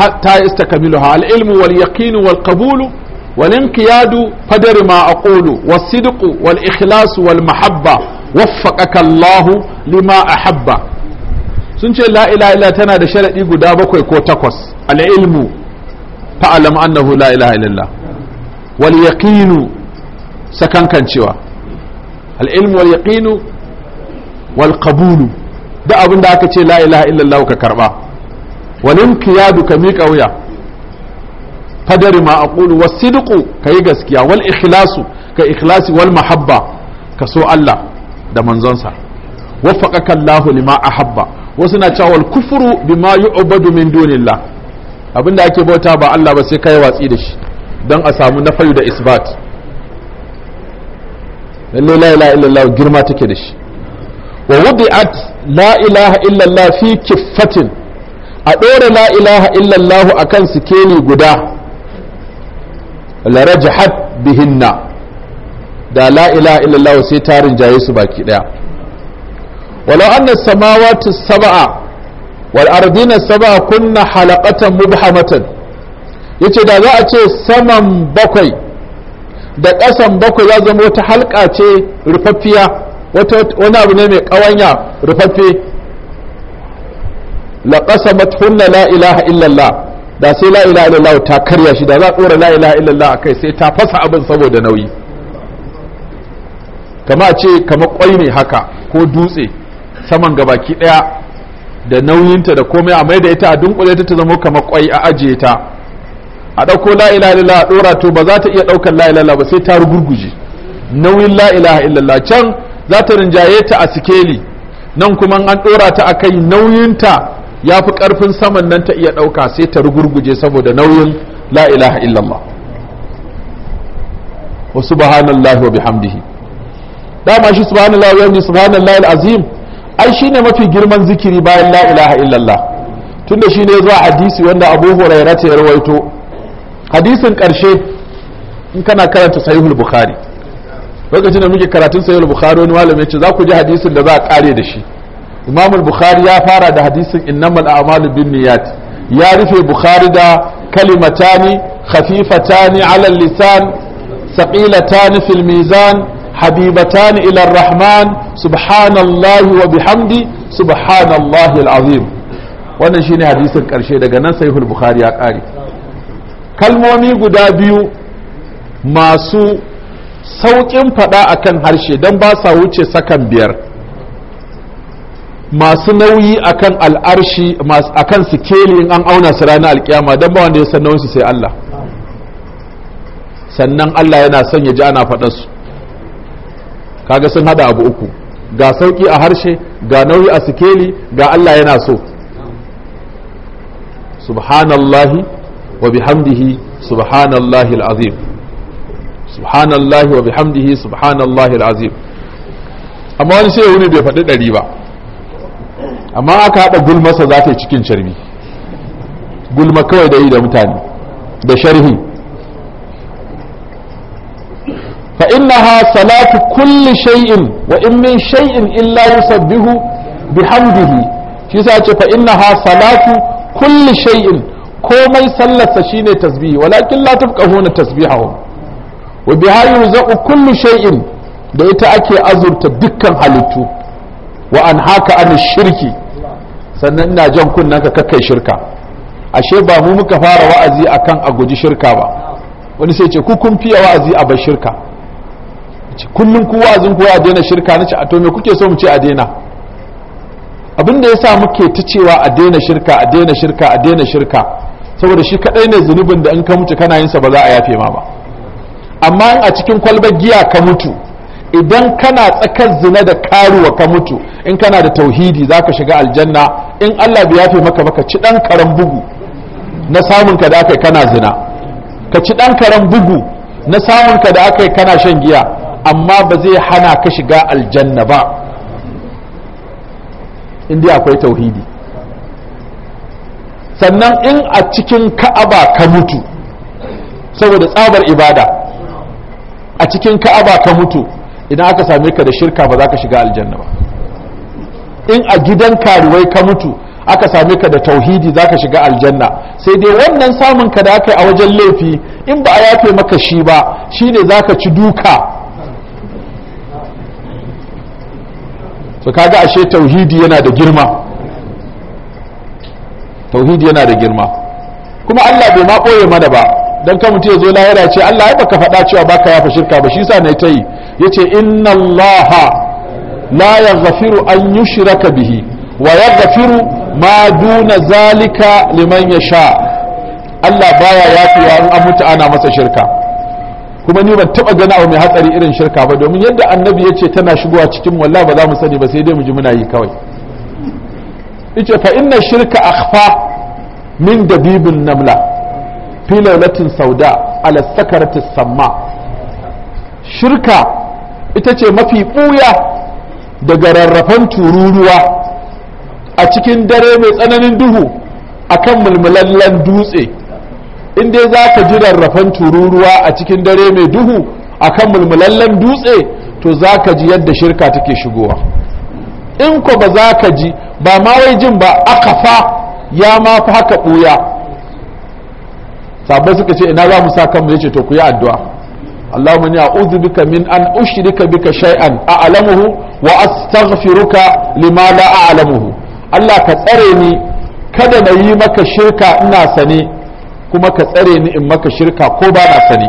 A: حتى يستكملها العلم واليقين والقبول والانقياد قدر ما أقول والصدق والإخلاص والمحبة وفقك الله لما أحب sun ce la ilaha illa tana da sharaɗi guda bakwai ko takwas al'ilmu ta'alam annahu la ilaha wal yaqinu sakankancewa al ilmu wal yaqinu da abin da aka ce la ilaha illallah ka karɓa. wal inqiyadu ka miƙa wuya fadari ma aqulu was sidqu kai gaskiya wal ikhlasu ka ikhlasi wal mahabba ka Allah da manzonsa waffaqaka Allah lima ahabba wasu na cewa wal kufru bima yu'badu min dunillah abinda ake bauta ba Allah ba sai ka yi watsi da shi don a samu nafayu da isbat lalle la ilaha illallah girma take da shi wa wudi'at la ilaha illallah fi kiffatin a ɗora la ilaha illallah akan sikeli guda larajahat bihinna da la ilaha illallah sai tarin jaye su baki daya walau anna samawati sab'a wal ardina sab'a kunna halaqatan mubhamatan yace da za a ce saman bakwai da ƙasan bakwai za zama wata halka ce rufaffiya wani abu ne mai ƙawanya rufaffe la ƙasa matuhunna la ilaha illallah da sai la ilaha illallah ta karya shi da za a dora la ilaha illallah akai sai ta fasa abin saboda nauyi kama ce kama ƙwai ne haka ko dutse saman gabaki ɗaya da nauyinta da komai a mai da ita a dunkule ta ta zama kama ƙwai a ajiye ta a ɗauko la ilaha a ɗora to ba za ta iya ɗaukar la ilaha ba sai ta rugurguje nauyin la ilaha illallah can za ta rinjaye ta a sikeli nan kuma an ɗora ta a kai nauyinta ya fi ƙarfin saman nan ta iya ɗauka sai ta rugurguje saboda nauyin la ilaha illallah wa subhanallahi wa bihamdihi dama shi subhanallahi wa bihamdihi subhanallahi azim? ai shine mafi girman zikiri bayan la ilaha illallah tunda shine ya hadisi wanda Abu ta ya rawaito hadisin karshe in kana karanta sahihul bukhari lokacin da muke karatun sahihul bukhari wani malami yace za ku ji hadisin da za a kare da shi imam bukhari ya fara da hadisin innamal a'malu binniyat ya rufe bukhari da kalimatani khafifatani ala lisan saqilatani fil mizan حبيبتان إلى الرحمن Hamdi, الله وبحمده سبحان الله wannan shine hadisin karshe daga nan sahihul bukhari ya kare kalmomi guda biyu masu sauƙin faɗa a kan harshe don ba sa wuce sakan biyar masu nauyi a kan al'arshi a kan sikeli in an auna su ranar alkiyama don ba wanda ya san nauyinsu sai Allah sannan Allah yana son ya ji ana su kaga sun haɗa abu uku ga sauƙi a harshe ga nauyi a sikeli ga Allah yana so subhanallahi wa bihamdihi subhanallahi alazim subhanallahi wa bihamdihi subhanallahi alazim amma wani sai wuni bai faɗi ɗari ba amma aka haɗa gulmasa za ta yi cikin carbi gulma kawai da yi da mutane da sharhi fa ha salatu kulli shay'in wa in min shay'in illa yusabbihu bihamdihi shi yasa ce fa ha salatu kulli shay'in komai sallarsa shine tasbihi walakin la tafqahuna tasbihahu wa biha yurzaqu kullu shay'in da ita ake azurta dukkan halittu wa an haka an shirki sannan ina jan kunnanka kakkai shirka ashe ba mu muka fara wa'azi akan a guji shirka ba wani sai ce ku fiye wa'azi a bar shirka kullum ku wa'azin ku a daina shirka nace a to me kuke so mu ce a daina abin da yasa muke ta cewa a daina shirka a daina shirka a daina shirka saboda shi kadai ne zunubin da in ka mutu kana yin sa ba za a yafe ma ba amma in a cikin kwalbar giya ka mutu idan kana tsakar zina da karuwa ka mutu in kana da tauhidi za ka shiga aljanna in Allah bai yafe maka ba ka ci dan karan bugu na samun ka da aka kana zina ka ci dan karan bugu na samun ka da aka kana shan giya amma ba zai hana ka shiga aljanna ba in dai akwai tauhidi sannan in a cikin ka'aba ka mutu saboda tsabar ibada a cikin ka'aba ka mutu idan aka same ka da shirka ba za ka shiga aljanna ba in a gidan karuwai ka mutu aka same ka da tauhidi za ka shiga aljanna sai dai wannan samun ka da aka yi a wajen laifi in ba a yafe maka shi ba shi ne za ka ci duka su kaga ashe tauhidi yana da girma tauhidi yana da girma kuma Allah bai ma koye mana ba dan ka mutu ya zo lahira ce Allah ya baka faɗa cewa baka yafa shirka ba shi yasa ne ta yi yace inna Allah la yaghfiru an yushraka bihi wa yaghfiru ma duna zalika liman yasha Allah baya yafi in an mutu ana masa shirka kuma ni ban taba gani abu mai hatsari irin shirka ba domin yadda annabi ya ce tana shigowa cikin wallahi ba za mu sani ba sai dai mu ji muna yi kawai yace fa inna shirka akhfa min dabibin namla fi laulatin sauda ala sakaratis samma shirka ita ce mafi ɓuya daga rarrafan tururuwa a cikin dare mai tsananin duhu akan mulmulallen dutse in dai za ka ji rarrafan tururuwa a cikin dare mai duhu akan mulmulallen dutse to za ka ji yadda shirka take shigowa in ko ba za ka ji ba ma wai jin ba aka fa ya ma fi haka ɓuya sabai suka ce ina za mu sa kanmu yace to ku yi addu'a Allahumma a a'udhu bika min an ushrika bika shay'an a'lamuhu wa astaghfiruka lima la a'lamuhu Allah ka tsare ni kada na yi maka shirka ina sani kuma ka tsare ni in maka shirka ko ba na sani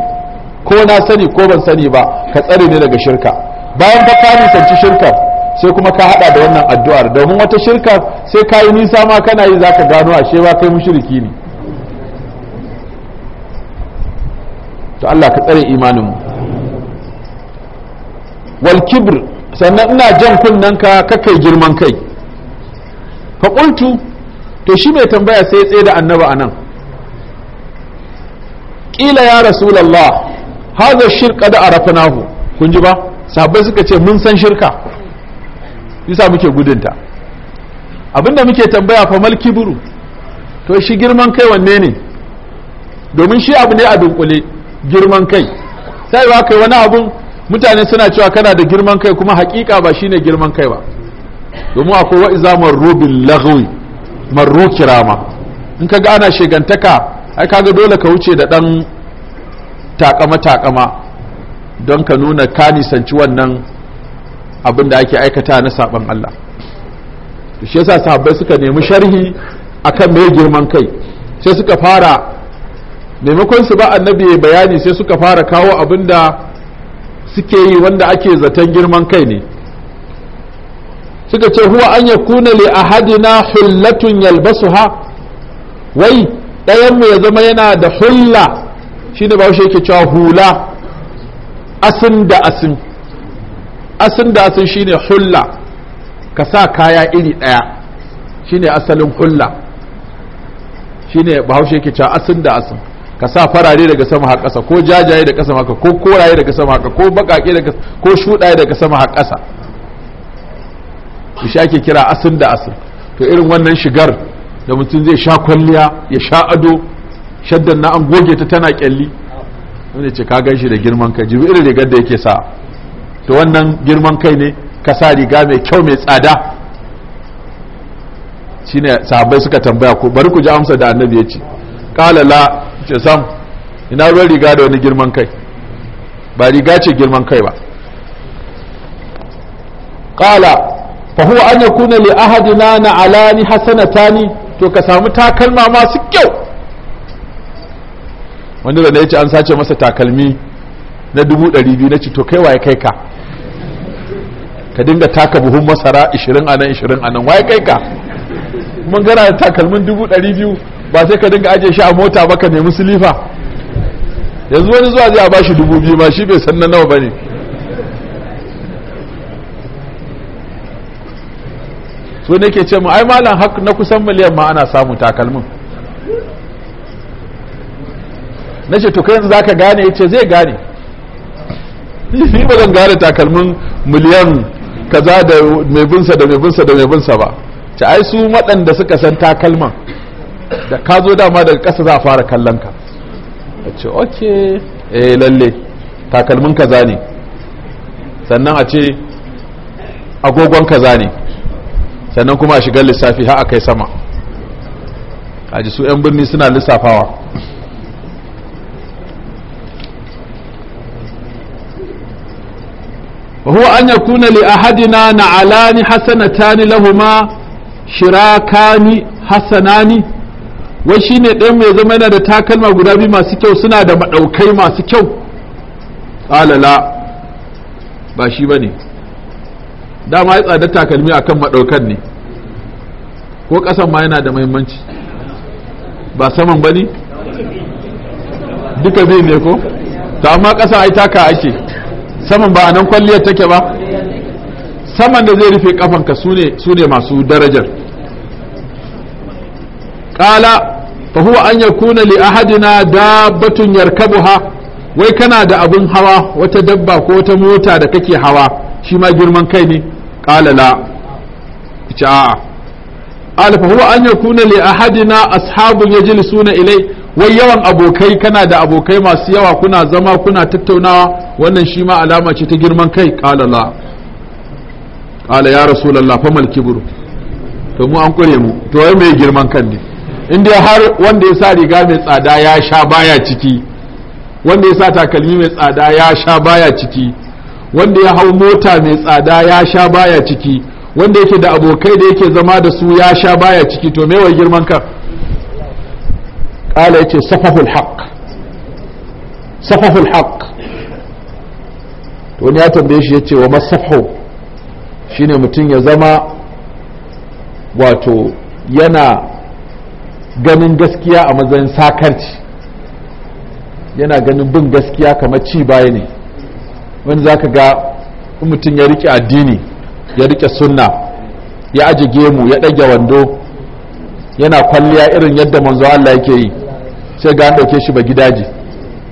A: ko na sani ko ban sani ba ka tsare ni daga shirka bayan fa kani sanci shirkar sai kuma ka hada da wannan addu'ar domin wata shirka sai ka yi nisa ma kana yi zaka gano ashe ba kai mushriki ne to Allah ka tsare imanin mu wal kibr sannan ina jan kunnen ka ka kai girman kai fa qultu to shi mai tambaya sai tsaye da annaba anan Ƙila ya rasulullah haza shirka da arafnahu kun ji ba sahabbai suka ce mun san shirka yasa muke gudunta abinda muke tambaya fa mal kibru to shi girman kai wanne ne domin shi abu ne a dunkule girman kai sai wa kai wani abun mutane suna cewa kana da girman kai kuma hakika ba shine girman kai ba domin akwai waiza iza marrubin lagwi marru kirama in ka ana shegantaka ai kaga dole ka wuce da dan takama takama don ka nuna ka nisanci wannan abin da ake aikata na saban Allah shi yasa sahabbai suka nemi sharhi akan me girman kai sai suka fara maimakon su ba annabi ya bayani sai suka fara kawo abin da suke yi wanda ake zaton girman kai ne suka ce huwa an yakuna li ahadina hullatun yalbasuha wai ɗayan mu ya zama yana da hulla shine shi yake cewa hula asin da asin asin da asin shine hulla ka sa kaya iri ɗaya shine asalin hulla shine bahaushe yake cewa asin da asin ka sa farare daga sama har ƙasa ko jajaye daga sama haka ko koraye daga sama haka ko baƙaƙe daga ko shuɗaye daga sama har ƙasa shi ake kira asin da asin to irin wannan shigar da mutum zai sha kwalliya ya sha ado shaddan na an goge ta tana kyalli wanda ce ka gan shi da girman ka jibi irin rigar da yake sa to wannan girman kai ne ka sa riga mai kyau mai tsada shine sahabbai suka tambaya ko bari ku ji amsa da annabi ya ce kala la ce sam ina ruwan riga da wani girman kai ba riga ce girman kai ba kala fa huwa an yakuna li ahadina na alani hasanatani to ka samu takalma masu kyau wani da ya ce an sace masa takalmi na dubu ɗari biyu na ce to kai waye kai ka ka dinga taka buhun masara 20 a nan 20 a nan waye kai ka mun gana da takalmin 200 ba sai ka dinga ajiye shi a mota ba ka nemi silifa yanzu wani zuwa zai a bashi 2000 ma shi bai san na nawa bane so nake ce mu ai malam hak na kusan miliyan ma ana samu takalmin na ce to kai yanzu zaka gane yace zai gane ni ba zan gane takalmin miliyan kaza da mai binsa da mai binsa da mai binsa ba ta ai su waɗanda suka san takalma da ka zo dama daga ƙasa za a fara kallon ka a ce ok eh lalle takalmin kaza ne sannan a ce agogon kaza ne sannan kuma a shigar lissafi har a kai sama a ji su 'yan birni suna lissafawa huwa an yakuna li ahadina na'alani hasanatani lahuma shirakani hasanani wai shine ɗayan mai zama yana da takalma guda biyu masu kyau suna da maɗaukai masu kyau alala ba shi ba ne. dama ya tsada takalmi akan maɗaukan ne ko ƙasan ma yana da mahimmanci ba saman ba bane duka zai ne ko ta amma ƙasa ai taka ake saman ba a nan kwalliyar take ba saman da zai rufe kafanka su ne masu darajar ƙala an yakuna li ahadina dabbatun yarkabuha wai kana da abin hawa wata dabba ko wata mota da kake hawa shi ma girman kai ne qala la ita a'a alfa huwa an yakuna li ahadina ashabun yajlisuna ilai wai yawan abokai kana da abokai masu yawa kuna zama kuna tattaunawa wannan shi ma alama ce ta girman kai kala la kala ya rasulullah fa mal kibru to mu an kure mu to wai mai girman kan ne in dai har wanda ya sa riga mai tsada ya sha baya ciki wanda ya sa takalmi mai tsada ya sha baya ciki wanda ya hau mota mai tsada ya sha baya ciki wanda yake da abokai da yake zama da su ya sha baya ciki to me wai girman kan ƙala ya ce safahul haq safahul haq wani ya tambaye shi ya ce wa shi shine mutum ya zama wato yana ganin gaskiya a matsayin sakarci yana ganin bin gaskiya kamar ci baya ne wani za ka ga mutum ya rike addini ya rike sunna ya aji gemu ya ɗage wando yana kwalliya irin yadda manzo Allah yake yi sai ga an ɗauke shi ba gidaji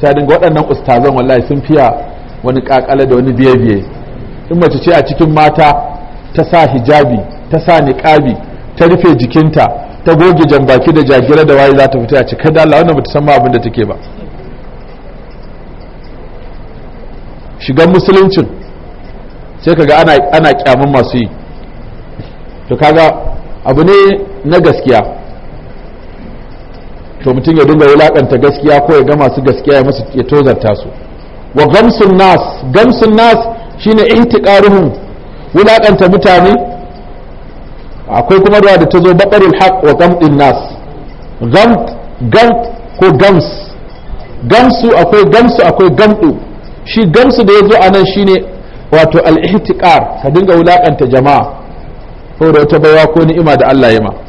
A: ta dinga waɗannan ustazan wallahi sun fiya wani kakala da wani biye biye in mace ce a cikin mata ta sa hijabi ta sa niqabi ta rufe jikinta ta goge jambaki da jagira da waye za ta fita a cikin da Allah wannan bata san ma abin da take ba shigan musuluncin sai kaga ana ana kyamun masu yi to kaga abu ne na gaskiya to mutum ya dinga wulakanta gaskiya ko ya ga masu gaskiya ya masu ya tozarta su wa gamsun nas gamsun nas shine ihtiqaruhum wulakanta mutane akwai kuma da ta zo baqarul haq wa gamdin nas gamt gamt ko gams gamsu akwai gamsu akwai gamdu shi gamsu da ya zo anan shine wato al-ihtiqar ka dinga wulakanta jama'a saboda wata baiwa ko ni'ima da Allah ya ma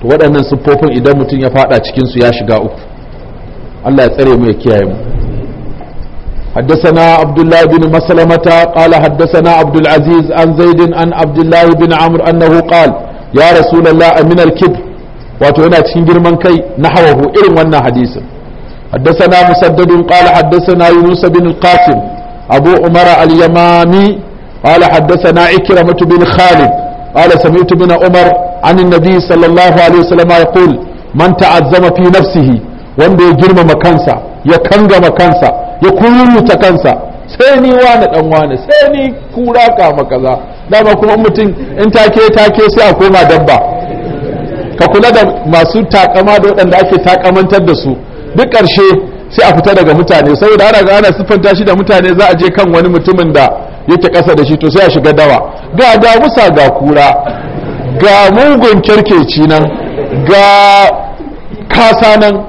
A: to waɗannan siffofin idan mutum ya fada cikin su ya shiga uku Allah ya tsare mu ya kiyaye mu حدثنا عبد الله بن مسلمة قال حدثنا عبد العزيز عن زيد عن عبد الله بن عمرو أنه قال يا رسول الله من الكبر وتونا تشنجر من كي نحوه إرم ونا حديثا حدثنا مسدد قال حدثنا يونس بن القاسم أبو عمر اليمامي قال حدثنا عكرمة بن خالد قال سمعت من عمر عن النبي صلى الله عليه وسلم يقول من تعزم في نفسه wanda ya girmama kansa ya kangama kansa ya kururuta kansa sai ni wani dan sai ni kura kama kaza dama kuma mutum in take take sai a koma dabba ka kula da masu takama da waɗanda ake takamantar da su duk ƙarshe sai a fita daga mutane saboda ana ga ana siffanta shi da mutane za a je kan wani mutumin da yake ƙasa da shi to sai a shiga dawa ga damusa ga kura ga mugun kirkeci nan ga kasa nan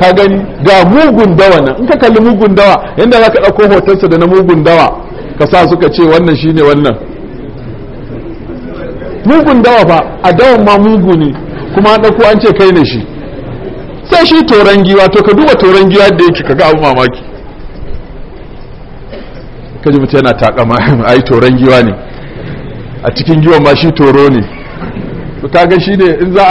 A: ka gani ga mugun dawa nan in ka kalli mugun dawa yadda za ka ɗauko hotonsa da na mugun dawa ka sa suka ce wannan shi ne wannan mugun dawa ba a dawan ma mugu ne kuma an ɗauko an ce kai ne shi sai shi toron giwa to ka duba toron giwa da yake ka ga abu mamaki kaji mutu yana takama yi toron giwa ne a cikin giwa ma shi toro ne su kaga shi ne in za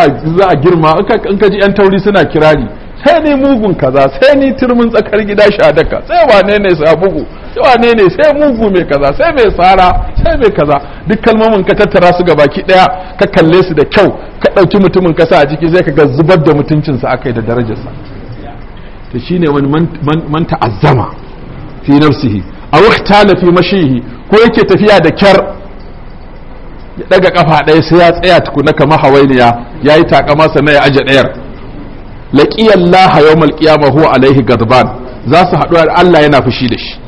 A: a girma in ka ji yan tauri suna kirari sai ni mugun kaza sai ni turmin tsakar gida sha daka sai wane ne sa bugu sai wane ne sai mugu mai kaza sai mai tsara sai mai kaza duk kalmomin ka tattara su gabaki daya ka kalle su da kyau ka ɗauki mutumin ka sa a jiki sai ka ga zubar da mutuncinsa sa akai da darajarsa to shine wani man azama fi nafsihi a wakta lafi mashihi ko yake tafiya da kyar ya daga kafa ɗaya sai ya tsaya tukuna kamar hawainiya ya yi takama sana ya aje ɗayar laha yawmal qiyamah huwa alaihi gadban za su haɗu Allah yana fushi da shi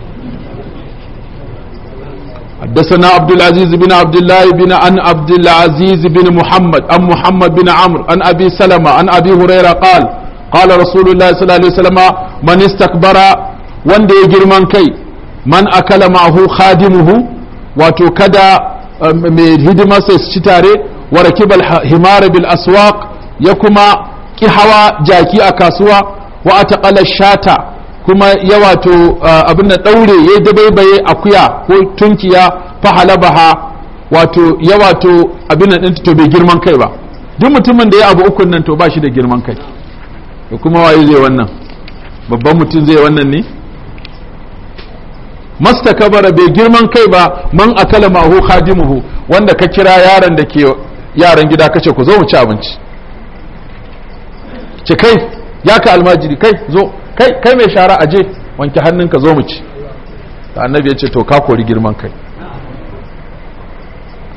A: حدثنا عبد العزيز بن عبد الله بن عن عبد العزيز بن محمد عن محمد بن عمرو عن ابي سلمه عن ابي هريره قال قال رسول الله صلى الله عليه وسلم من استكبر كي man akala ma'ahu khadimuhu wato kada eh, mai hidimarsa su ci tare wa rakibal himar bil aswaq ya kuma ki hawa jaki a kasuwa wa ataqala shata kuma ya wato eh, abin da daure ya dabaibaye akuya ko tunkiya fahalabaha wato ya wato abin nan to bai girman kai ba duk mutumin da ya abu ukun nan to ba shi da girman kai kuma waye zai wannan babban mutum zai wannan ne mastakabara bai girman kai ba man akala mahu khadimuhu wanda ka kira yaran da ke yaran gida kace ku zo mu ci abinci ce kai ya ka almajiri kai zo kai kai mai shara aje wanke hannunka zo mu ci da annabi ya ce to ka kori girman kai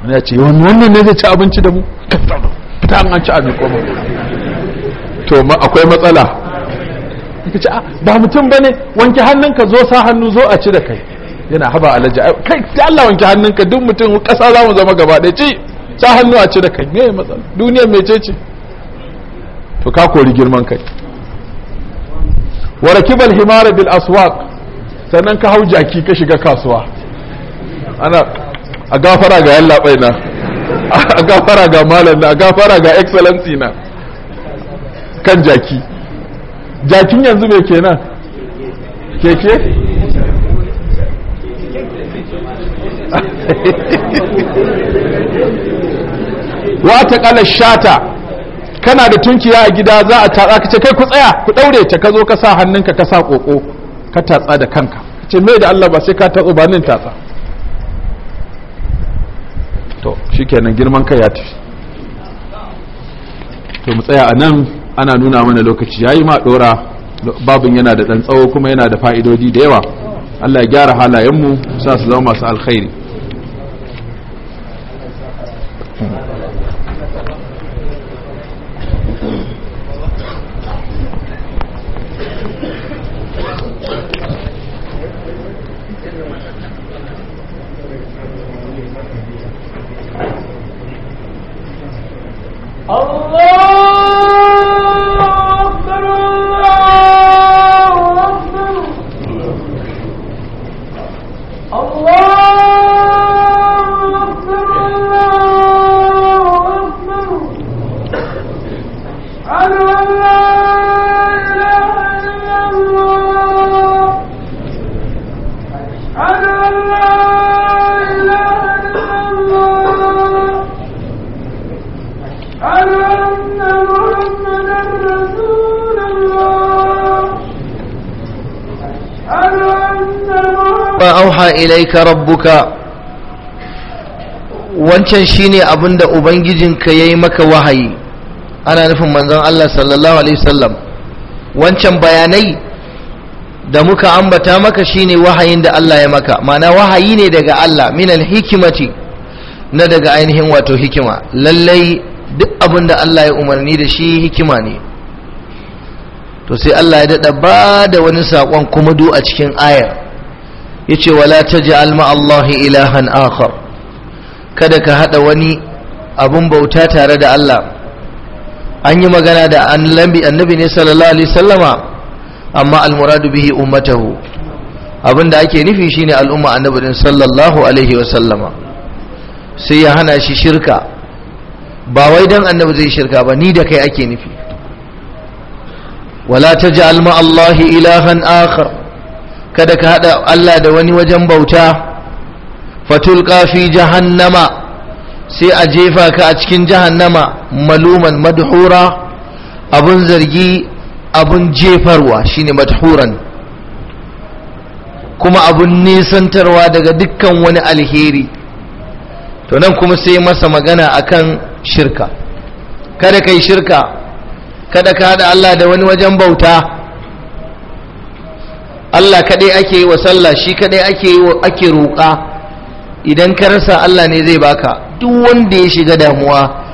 A: wani ya ce wannan ne zai ci abinci da mu ta an ci abin koma to akwai matsala ka ce ah, ba mutum ba ne wanke hannunka zo sa hannu zo a ci da kai yana haba alaji kai ta Allah wanke hannunka duk mutum ƙasa za mu zama gaba ɗaya ci sa hannu a ci da kai me matsala duniyar mece ce to ka kori girman kai wa rakibal himara bil aswaq sannan ka hau jaki ka shiga kasuwa ana a gafara ga yalla na a gafara ga malam na a gafara ga excellency na kan jaki jakin yanzu mai kenan keke wata kala shata kana da tunkiya a gida za a tatsa ka ce kai ku tsaya ku daure ta ka zo ka sa hannunka ka sa koko ka tatsa da kanka ce mai da Allah ba sai ka tatsa ba nin tatsa to shikenan girman kai ya tafi to mu tsaya a nan ana nuna mana lokaci yayi ma dora babin yana da ɗan tsawo kuma yana da fa'idodi da yawa Allah ya gyara halayenmu sa su zama masu alkhairi
B: ilaika rabbuka wancan shine abinda ubangijinka yayi maka wahayi ana nufin manzon Allah sallallahu alaihi wasallam wancan bayanai da muka ambata maka shine wahayin da Allah ya maka ma'ana wahayi ne daga Allah minal hikimati na daga ainihin wato hikima lallai duk abinda da Allah ya umarni da shi hikima ne to sai Allah ya daɗa ba da wani saƙon kuma du a cikin ayar yace wala taj'al ma Allahi ilahan akhar kada ka hada wani abun bauta tare da Allah an yi magana da annabi annabi ne sallallahu alaihi wasallama amma almuradu bihi ummatahu abinda ake nufi shine al'umma annabi din sallallahu alaihi wa wasallama sai ya hana shi shirka ba wai dan annabi zai shirka ba ni da kai ake nufi wala taj'al ma Allahi ilahan akhar kada ka haɗa Allah da wani wajen bauta fatulka fi jahannama sai a jefa ka a cikin jahannama maluman madhura abun zargi abun jefarwa shine madhuran kuma abun nisantarwa daga dukkan wani alheri to nan kuma sai masa magana akan shirka kada kai shirka kada ka haɗa Allah da wani wajen bauta Allah kaɗai ake yi wa sallah shi kaɗai ake yi wa ake roƙa idan ka rasa Allah ne zai baka duk wanda ya shiga damuwa